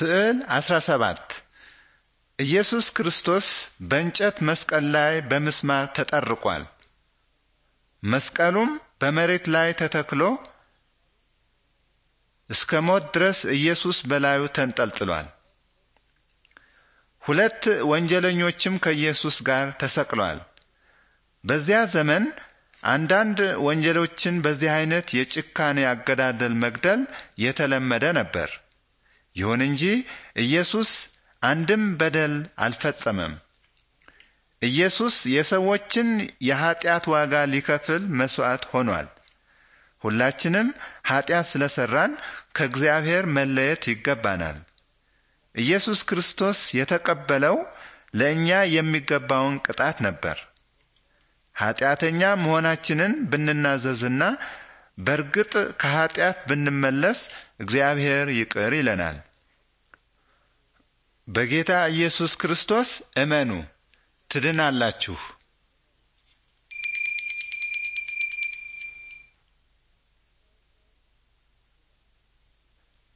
ስዕል 17 ኢየሱስ ክርስቶስ በእንጨት መስቀል ላይ በምስማር ተጠርቋል። መስቀሉም በመሬት ላይ ተተክሎ እስከ ሞት ድረስ ኢየሱስ በላዩ ተንጠልጥሏል። ሁለት ወንጀለኞችም ከኢየሱስ ጋር ተሰቅሏል። በዚያ ዘመን አንዳንድ ወንጀሎችን በዚህ አይነት የጭካኔ አገዳደል መግደል የተለመደ ነበር። ይሁን እንጂ ኢየሱስ አንድም በደል አልፈጸመም። ኢየሱስ የሰዎችን የኀጢአት ዋጋ ሊከፍል መሥዋዕት ሆኗል። ሁላችንም ኀጢአት ስለ ሠራን ከእግዚአብሔር መለየት ይገባናል። ኢየሱስ ክርስቶስ የተቀበለው ለእኛ የሚገባውን ቅጣት ነበር። ኀጢአተኛ መሆናችንን ብንናዘዝና በእርግጥ ከኃጢአት ብንመለስ እግዚአብሔር ይቅር ይለናል። በጌታ ኢየሱስ ክርስቶስ እመኑ ትድናላችሁ።